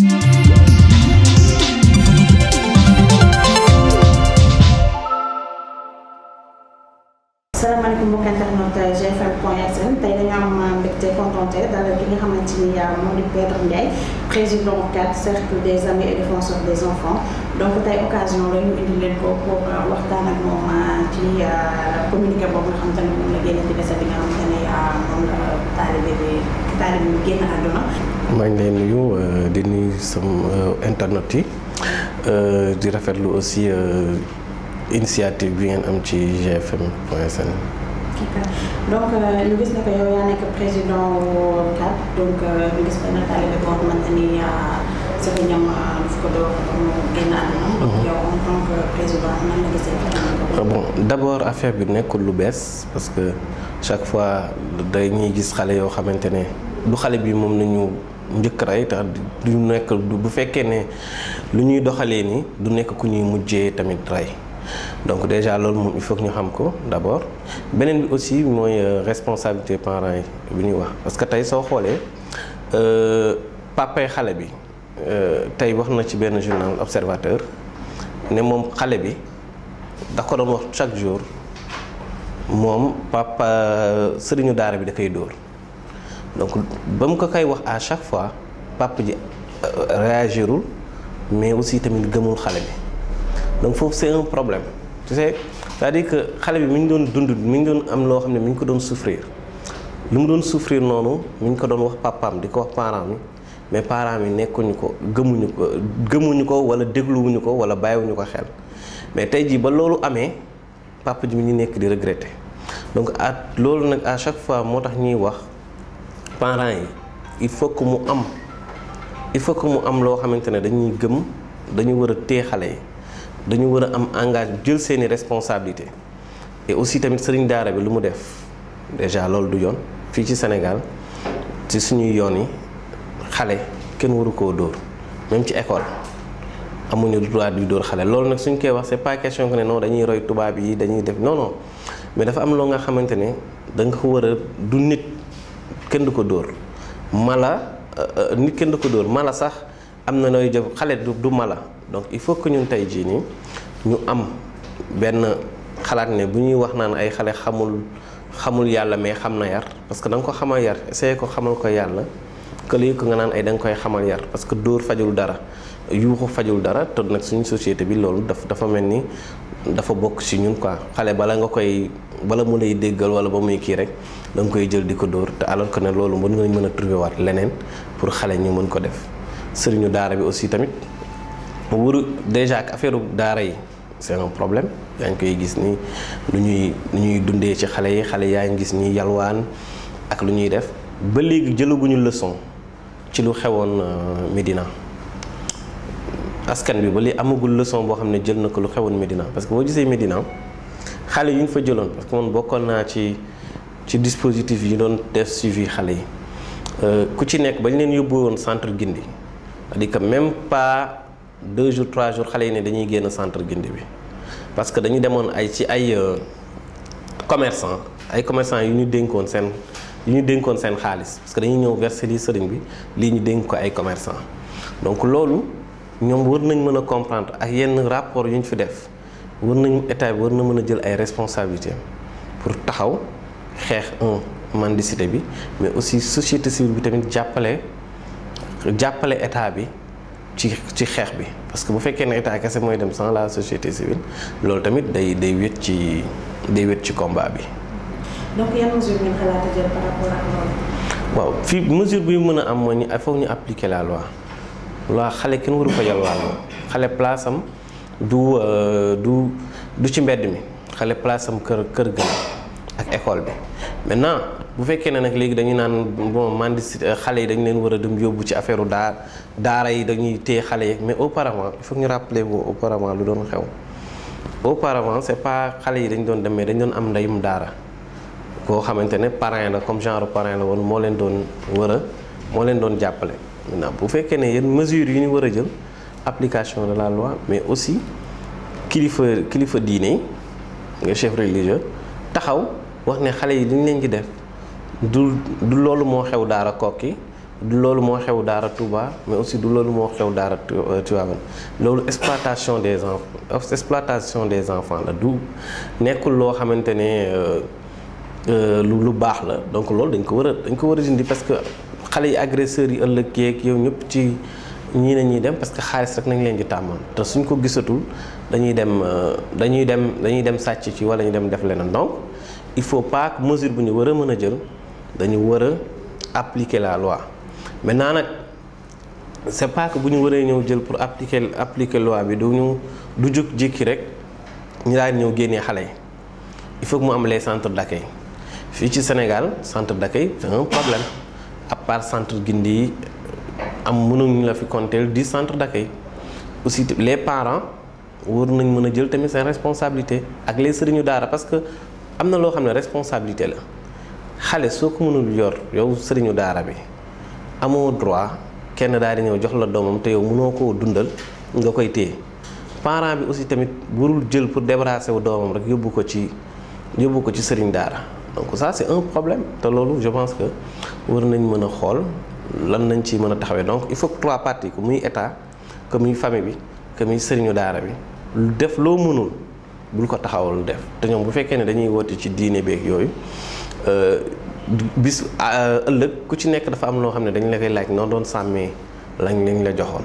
salaamaaleykum mbokk internet GFM point sn tey dañu am mbégte contenté euh, di Pedre Ndiaye président cadre cercle des amis et défenseurs des enfants donc tey occasion la ñu indi ko euh, waxtaan ak moom euh, ci communiqué boobu nga xamante ne moom la génne ci dese bi nga xamante ne moom la taalibe bi taalibe bi génn àdduna maa ngi lay nuyu euh, di nuyu sama euh, internet yi euh, di rafetlu aussi initiative bi ngeen am ci GFM point sn. donc ñu gis ne que yow nekk président wu CAP donc ñu gis benn taalibe boo xamante ni Sëriñ Ñam daf ko doon génn àdduna. Mhm. yow en tant que président nan la gisee. Ah bon d' abord affaire bi nekkul lu bees parce que chaque fois day ñuy gis xale yoo xamante ne. du xale bi moom nañu njëkk rey tax du nekk bu fekkee ne lu ñuy doxalee ni du nekk ku ñuy mujjee tamit rey donc déjà loolu moom il faut ñu xam ko d'abord beneen bi aussi mooy euh, responsabilité parents yi bu ñuy wax parce que tey soo xoolee euh, papay xale bi euh, tey wax na ci benn journal observateur ne moom xale bi da ko doon wax chaque jour moom papa sëriñu daara bi dafay koy dóor donc ba mu ko koy wax à chaque fois papa ji euh, réagirul mais aussi tamit gëmul xale bi donc foofu seen un problème tu sais que xale bi mi ngi doon dund mi ngi doon am loo xam ne mi ngi ko doon souffrir lu mu doon souffrir noonu mi ngi ko doon wax papaam di ko wax parent mi mais parent mi nekkuñu ko gëmuñu ko gëmuñu ko wala dégluwuñu ko wala bàyyiwuñu ko xel mais tey jii ba loolu amee papa ji mi ngi nekk di regretter donc at loolu nag à chaque fois moo tax ñuy wax. parents yi il faut que mu am il faut que mu am loo xamante ne dañuy gëm dañu war a téye xale yi dañu war a am engage jël seeni responsabilité aussi tamit sëriñ daara bi lu mu def déjà loolu du yoon fii ci senegal ci suñuy yoon yi xale kenn waru koo dóor même ci école amuñu droit di dóor xale loolu nag suñ koy wax c'est pas question que ne non dañuy roy tubaab yi dañuy def non non mais dafa am loo nga xamante ne da nga ko du nit kenn du ko dóor mala euh, euh, nit kenn du ko dóor mala sax am na nooy jëf xale du du mala donc il faut que ñun tey jii nii ñu am benn xalaat ne bu ñuy wax naan ay xale xamul xamul yàlla mais xam na yar parce que da nga ko xamal yar essayé ko xamal ko yàlla que lii ko nga naan ay da koy xamal yar parce que dóor fajul dara yuuxu fajul dara te nag suñu société bi loolu daf dafa mel nii dafa bokk ci ñun quoi xale bala nga koy bala mu lay déggal wala ba muy kii rek da koy jël di ko dóor te alors que ne loolu mën nga mën a trouver waat leneen pour xale ñu mën ko def sëriñu daara bi aussi tamit wuru déjà ak affaire daara yi c'est problème yaa ngi koy gis ni lu ñuy lu ñuy dundee ci xale yi xale yaa ngi gis ni yalwaan ak lu ñuy def ba léegi jëlaguñu leçon ci lu xewoon euh, Médina askan bi ba li amagul leçon boo xam ne jël na ko lu xewoon Médina parce que boo gisee xale yu ñu fa jëloon parce bokkoon naa ci ci dispositif yi doon def suivi xale yi euh, ku ci nekk bañ leen yóbbu woon centre Gindi cest que même pas deux jours trois jours xale yi ne dañuy génn centre Gindi bi parce que dañu demoon ay ci ay euh, commerçant ay commerçant yu ñu dénkoon seen yu ñu dénkoon seen xaalis parce que dañuy ñëw verser li sëriñ bi lii ñu dénk ko ay commerçant donc loolu ñoom war nañ mën a comprendre ak yenn rapport yu ñu fi def war nañu état bi war na mën a jël ay responsabilité pour taxaw xeex un mendicité bi mais aussi société civile bi tamit jàppale jàppale état bi ci ci xeex bi parce que bu fekkee ne état kese mooy dem sans la société civile loolu tamit day day wéet ci day wét ci combat bi. waaw fii mesure bi mën a am mooy ni il ñu appliquer la loi. laa xale kenn waru ko yalwaanal xale place am du euh, du du ci mbedd mi xale place am kër kër gën ak école bi maintenant bu fekkee ne nag léegi dañu naan bon mendicité euh, xale yi dañu leen war a dem yóbbu ci affaire daa daara yi dañuy téye xale yi mais auparavant il faut ñu rappeler wu auparavant lu doon xew auparavant c'est pas xale yi dañ doon demee dañ doon am ndeyum daara koo xamante ne parrain la comme genre parrain la woon moo leen doon war moo leen doon jàppale maintenant bu fekkee ne yéen mesures yu ñu war a jël application de la loi mais aussi kilifa kilifa diine nga chef religieux taxaw wax ne xale yi li ñu leen def du du loolu moo xew daara kokki du loolu moo xew daara Touba mais aussi du loolu moo xew daara euh, loolu exploitation des enfants exploitation des enfants la du nekkul loo xamante ne euh, euh, lu lu baax la donc loolu dañ ko war a dañ ko war a dindi parce que xale yi agresseurs yi ëllëg yeeg yow ñëpp ci ñii na ñuy dem parce que xaalis rek nañ leen di tàmmal te suñ ko gisatul dañuy dem euh, dañuy dem dañuy dem sàcc ci walla ñu dem def leneen donc il faut pas que mesure bu ñu war a mën a jël dañu war a appliquer la loi maintenant nag c'est pas bu ñu waree ñëw jël pour appliquer appliquer loi bi du ñu du jug jikki rek ñu daan ñëw génnee xale yi il faut mu am les centres d'accueil fii ci Sénégal centre d'accueil c'est un problème. à part centre Guindi yi am mënuñu la fi konteel di centre d'accueil aussi les parent war nañ mën a jël tamit seen responsabilité ak les sëriñu daara parce que am na loo xam ne responsabilité la xale soo ko mënul yor yow sëriñu daara bi amoo droit kenn daal di ñëw jox la doomam te yow mënoo koo dundal nga koy téye parent bi aussi tamit warul jël pour débarrasser wu doomam rek yóbbu ko ci yóbbu ko ci sëriñ daara donc ça c' est un problème te loolu je pense que war nañ mën a xool lan nañ ci mën a taxawee donc il faut trois parties ku muy état que muy famille bi que muy sëriñu daara bi def loo mënul bul ko taxawal def te ñoom bu fekkee ne dañuy woote ci diine beeg yooyu euh, bis euh, ëllëg ku ci nekk dafa am loo xam ne dañu la koy laaj noo doon sàmmee lañ lañ la joxoon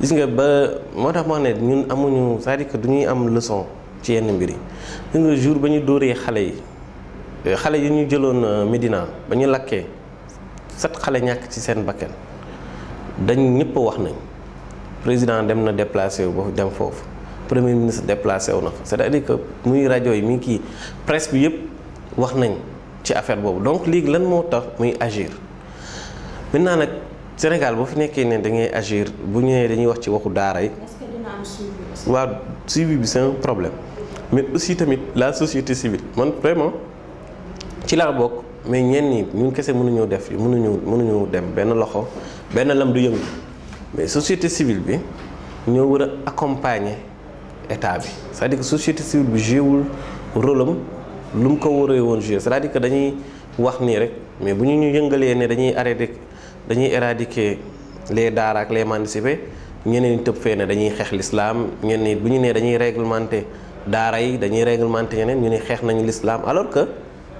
gis nga ba moo tax ma ne ñun amuñu c'est-à-dire que du ñuy am leçon ci yenn mbir yi gis ba ñu dóoree xale yi euh, xale yi ñu jëloon euh, Médina ba ñu lakkee sat xale ñàkk ci seen bakken dañ ñëpp wax nañ président dem na déplacé wu ba dem foofu premier ministre déplacé wu na fa c'est-à-dire que muy rajo yi muy kii presse bi yëpp wax nañ ci affaire boobu donc léegi lan moo tax muy agir maintenant nag Sénégal boo fi nekkee ne da ngay agir bu ñëwee dañuy wax ci waxu daara yi. est-ce bi c'est problème mais aussi tamit la société civile man vraiment ci laa bokk mais ñenn ñi ñun kese mënuñoo def li mënuñu mënuñu dem benn loxo benn lam du yëngu mais société civile bi ñoo war a accompagner état bi cest à que société civile bi jouewul rôle lu mu ko waree woon jouer c'est-à-dire dañuy wax nii rek mais bu ñu ñu yëngalee ne dañuy arrêté. dañuy éradiqué les daara ak les mandicipés ñeneen ñi tëb fee na dañuy xeex lislaam ñeneen nii bu ñu nee dañuy réglementer daara yi dañuy réglementer ñeneen ñu ne xeex nañu lislaam alors que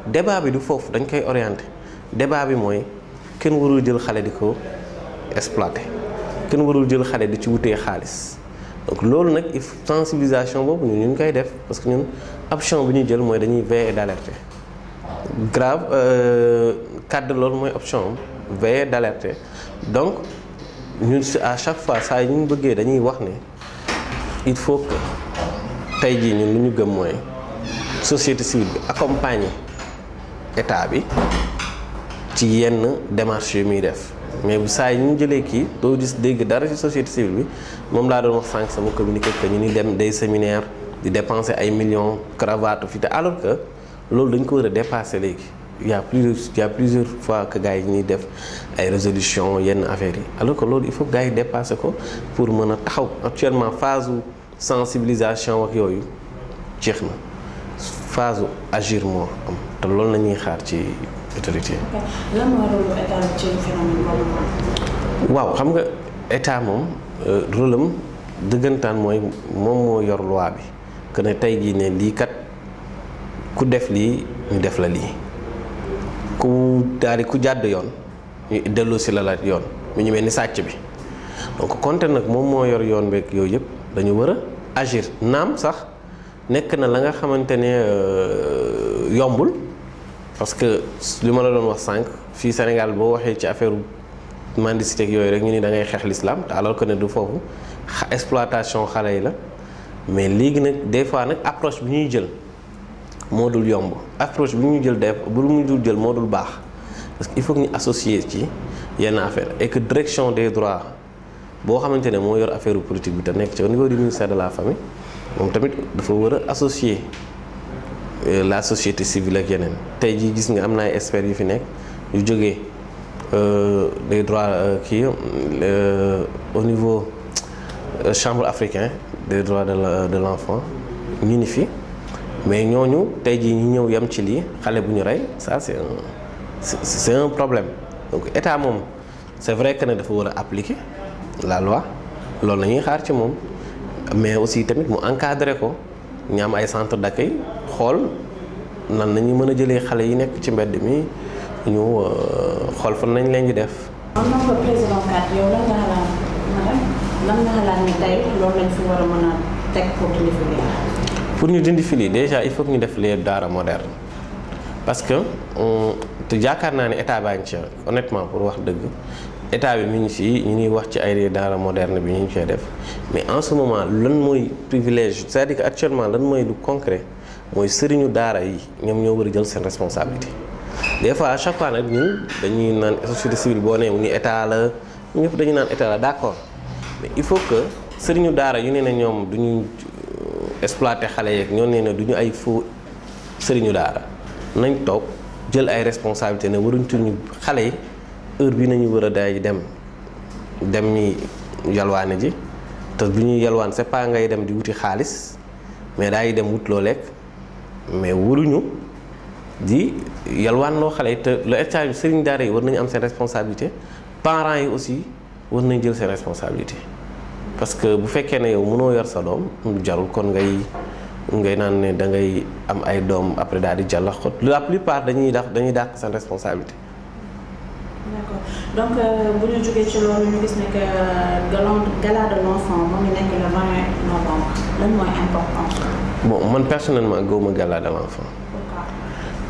débat bi du foofu dañ koy orienter débat bi mooy kenn warul jël xale di ko exploiter kenn warul jël xale di ci wutee xaalis donc loolu nag if sensibilisation boobu ñun ñu ngi koy def parce que ñun option bi ñu jël mooy dañuy veiller et d'alerter grave euh, cadre loolu mooy option veiller d' alerter donc ñun à chaque fois saa yu ñu bëggee dañuy wax ne il faut que tey jii ñu lu ñu gëm mooy société civile bi accompagner état bi ci yenn démarche yu muy def mais bu saa yu ñu jëlee kii doo gis dégg dara ci société civile bi moom laa doon wax sànq sama communique que ñu ni dem day séminaire di dépenser ay millions cravate fi te alors que loolu dañ ko war a dépasser léegi. y a plusieurs fois que gars yi ñuy def ay résolution yenn affaires yi alors que loolu il faut gars yi dépasser ko pour mën a taxaw actuellement phase sensibilisation ak yooyu jeex na phase agir loolu la ñuy xaar ci autorité waaw xam nga état moom euh, rôle am dëggantaan mooy moom moo yor loi bi que ne tey jii ne lii kat ku def lii ñu def la lii. ku daal di ku jàdd yoon ñu delloo si la laaj yoon mu ñu mel ni sàcc bi donc konte nag moom moo yor yoon beeg yooyu yëpp dañu war a agir naam sax nekk na la nga xamante ne euh, yombul parce que li ma la doon wax sànq fii Sénégal boo waxee ci affaire mendicité ak yooyu rek ñu ni da ngay xeex l'islam te alors que ne du foofu exploitation xale yi la mais léegi nag des fois nag approche bi ñuy jël moo dul yomb approche bu ñu jël def bu ñu dul jël moo dul baax parce que il faut que ñu associer ci yenn affaire et direction des droits boo xamante ne moo yor affaire politique bi te nekk ci au niveau ministère de la famille moom tamit dafa war a associer euh, la société civile ak yeneen tey jii gis nga am na ay experts yu fi nekk yu jógee euh, des droits euh, kii au niveau chambre africain des droits de l'enfant ñu ni fi mais ñooñu tey jii ñu ñëw yem ci lii xale bu ñu rey ça c'est un c'est un problème donc état moom c'est vrai que ne dafa war a appliquer la loi loolu la ñuy xaar ci moom mais aussi tamit mu encadrer ko ñaam ay centre d'accueil xool nan la mën a jëlee xale yi nekk ci mbedd mi ñu euh, xool fan nañ leen di def. pour ñu dindi fili déjà il faut que ñu def les daara moderne parce que euh, te jaakaar naa ne état baa ngi ci honnêtement pour wax dëgg état bi mi ñu ci ñu ngi wax ci ay daara moderne bi ñu ngi koy def mais en ce moment lan mooy privilège cest à que actuellement lan mooy du concret mooy sëriñu daara yi ñoom ñoo war a jël seen responsabilité. des fois à chaque fois nag ñun dañuy naan société civile boo nee mu ngi état la ñëpp dañu naan état la d'accord mais il faut exploité xale yeeg ñoo nee ne du ñu ay faux sëriñu daara nañ toog jël ay responsabilité ne waruñtuñu xale yi heure bi nañu war a day dem dem ñi yalwaane ji te bu ñuy yalwaan c'est pas ngay dem di wuti xaalis mais daay dem wut loo lekk mais waruñu di yalwaan loo xale yi te le état bi sëriñ daara yi war nañu am seen responsabilité parent yi aussi war nañ jël seen responsabilité parce que bu fekkee ne yow mënoo yor sa doom jarul kon ngay ngay naan ne dangay am ay doom après daal di jàllax ko la plupart dañuy dàq dañuy dàq seen responsabilité. bo donc euh, bu ñu jógee euh, man personnellement gëwuma gala de l'enfant.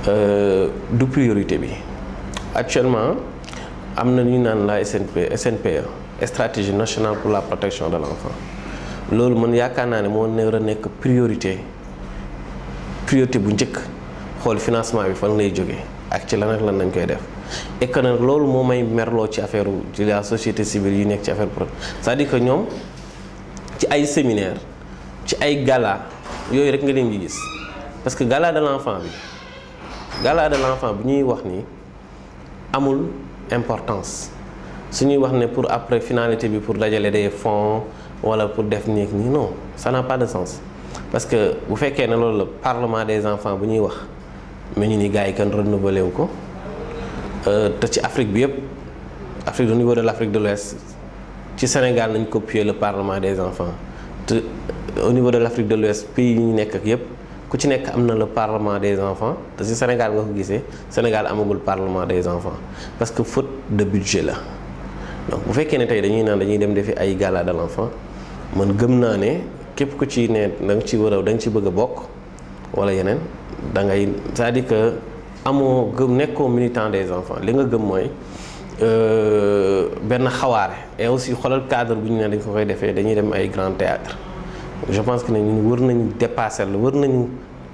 Euh, du priorité bi actuellement am na ñu naan la SNP SNPE. stratégie nationale pour la protection de l'enfant loolu mën yaakaar naa ne moo war a nekk priorité priorité bu njëkk xool financement bi fan lay jógee ak ci lan lan lañ koy def et loolu moo may merloo ci affaire ci la société civile yu nekk ci affaire pro cest à que ñoom ci ay séminaire ci ay gala yooyu rek nga leen di gis parce que gala de l'enfant bi gala de l'enfant bu ñuy wax ni amul importance su ñuy wax ne pour après finalité bi pour dajale des fonds wala pour def nii ak nii non ça n'a pas de sens parce que bu fekkee ne loolu la parlement des enfants bu ñuy wax mel ñu ni gars yi kan renouvelé wu ko euh, te ci Afrique bi yëpp Afrique au niveau de l' de l'Ouest ci Sénégal nañ copier le parlement des enfants te euh, au niveau de l' de l'Ouest pays yi ñu nekk ak yëpp ku ci nekk am na le parlement des enfants te ci Sénégal nga ko gisee Sénégal amagul parlement des enfants parce que faute de budget la bu fekkee ne tey dañuy naan dañuy dem defi ay gala de man gëm naa ne képp ku ci ne da nga ci war a ci bëgg a bokk wala yeneen da ngay cest à amoo gëm nekkoo militant des enfants li nga gëm mooy euh, benn xawaare et aussi xoolal cadre bu ñu ne dañ ko koy defee dañuy dem ay grand théâtre je pense que ne ñun wër nañu dépasser la wër nañu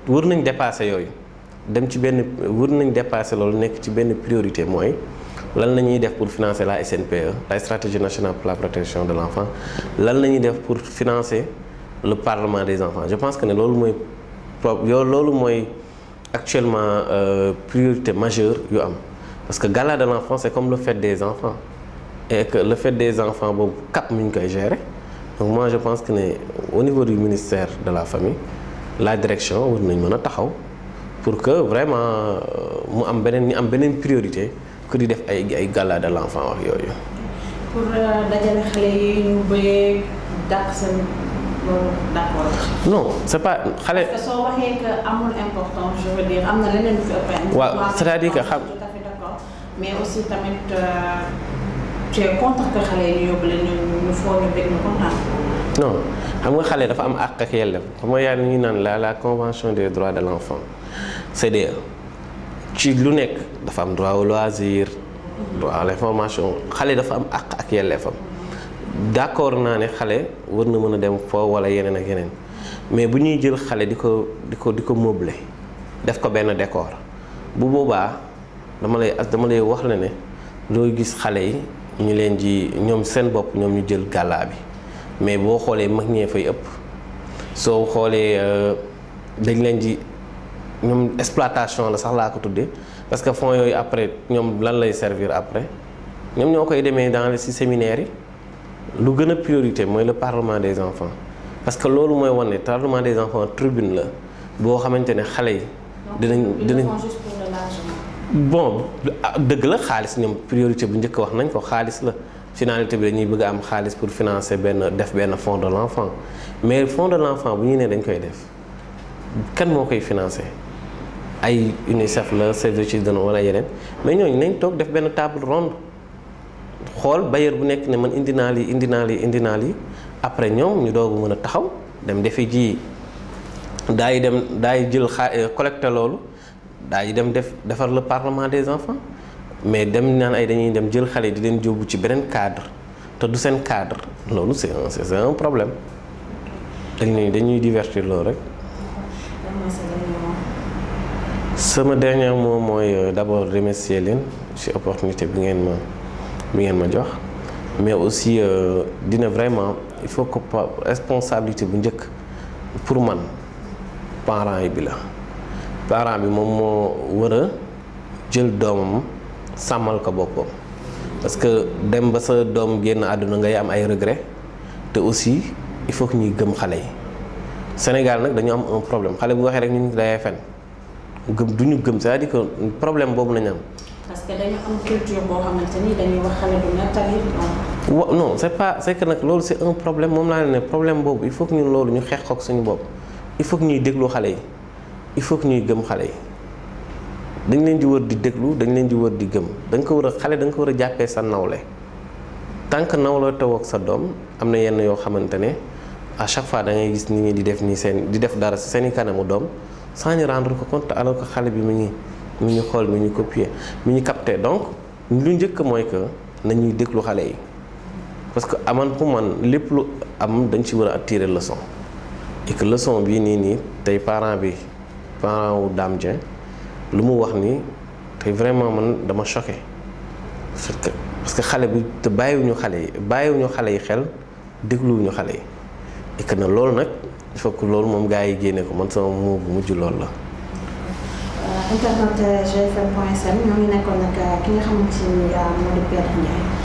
wër nañ dépasser yooyu dem ci benn wër nañ dépasser loolu nekk ci benn priorité mooy lan la ñuy def pour financer la SNPE la stratégie nationale pour la protection de l' enfant lan la ñuy def pour financer le parlement des enfants je pense que ne loolu mooy pro loolu mooy actuellement euh, priorité majeure yu am parce que gala de l' enfant comme le fait des enfants et que le fait des enfants boobu cap mu ñu koy gérer donc moi je pense que ne au niveau du ministère de la famille la direction war nañ mën a taxaw pour que vraiment euh, mu am beneen ñu am beneen priorité que di def ay ay gala de l'enfant wax yooyu. pour euh, dajale xale yi ñu bëyee dàq seen loolu d'accord. non c'est pas parce que soo waxee que amul importance je dire am na leneen fi ëpp. waaw euh, xam nga xale dafa am àq ak yelleef xam nga yaa ngi naan la la convention des droits de l'enfant CDE. ci lu nekk dafa am droit au loisir droit à l'information xale dafa am àq ak yelleefam d'accord naa ne xale war na mën a dem foo wala yeneen ak yeneen mais bu ñuy jël xale di ko di ko di ko meublé def ko benn décor bu boobaa dama lay dama lay wax la ne loo gis xale yi ñu leen ji ñoom seen bopp ñoom ñu jël gàllaa bi mais boo xoolee mag ñee fay ëpp soo xoolee euh, dañ leen ji ñoom exploitation la sax laa ko tuddee parce que fonds yooyu après ñoom lan lay servir après ñoom ñoo koy demee dans les si séminaires yi lu gën a priorité mooy le parlement des enfants parce que loolu mooy wane parlement des enfants tribune la boo xamante ne xale yi. dinañ dinañ bon ah, dëgg la xaalis ñoom priorité bu njëkk wax nañ ko xaalis la finalité bi dañuy bëgg a am xaalis pour financer benn def benn fonds de l'enfant mais fonds de l'enfant bu ñu nee dañ koy def kan moo koy financer. ay UNICEF la Save the Children wala yeneen mais ñooñu nañ toog def benn table ronde xool bailleur bu nekk ne man indi naa lii indi lii indi naa lii après ñoom ñu doogu mën a taxaw dem defi ji daay dem daay jël xa euh, collecté loolu daay dem def defar la parlement des enfants mais dem naan ay dañuy dem jël xale di leen jóobu ci beneen cadre te du seen cadre loolu c'est un c'est un problème dañuy dañuy divertir loolu rek. sama dernier moom mooy euh, d'abord remercier leen ci opportunité bi ngeen ma bi ngeen ma jox mais aussi euh, dina vraiment il faut que responsabilité bu njëkk pour man parents yi bi la parent bi moom moo war a jël doomam sàmmal ko boppam parce que dem ba sa doom génn àdduna ngay am ay regret te aussi il faut que ñuy gëm xale yi Sénégal nag dañu am un problème xale bu waxee rek ñu ngi day fen gëm du ñu gëm cest à problème boobu nañ ñu am. parce que dañu am culture boo xamante dañuy wax xale du nattali. wa non c'est pas c'est que nag loolu c'est un problème moom laa leen ne problème boobu il faut que ñun loolu ñu xeex koog suñu bopp il faut que ñuy déglu xale yi il faut que ñuy gëm xale yi dañ leen di wër di déglu dañ leen di wër di gëm da ko war a xale da ko war a jàppee sa nawle tant que nawloo tawoo sa doom am na yenn yoo xamante ne à chaque fois da gis nit ñi di def nii seen di def dara seeni kanamu doom. sans ñu rendre ko compte alors ko xale bi mu ngi mi ngi xool mi ngi copier mi ngi capté donc lu njëkk mooy que nañuy déglu xale yi parce que aman pour man lépp lu am dañ ci war a attirer leçon et que leçon bii nii nii tey parent bi parent wu Dame Dieng lu mu wax ni tey vraiment man dama choqué parce que xale bi te bàyyiwuñu xale yi bàyyiwuñu xale yi xel dégluwuñu xale yi et na loolu nag il loolu moom gars yi génne ko man sama moo bu mujj loolu la. internet euh, GFM point sn ñoo ngi nekkoon nag euh, ki nga xamante ni euh, moo di Père Ndiaye.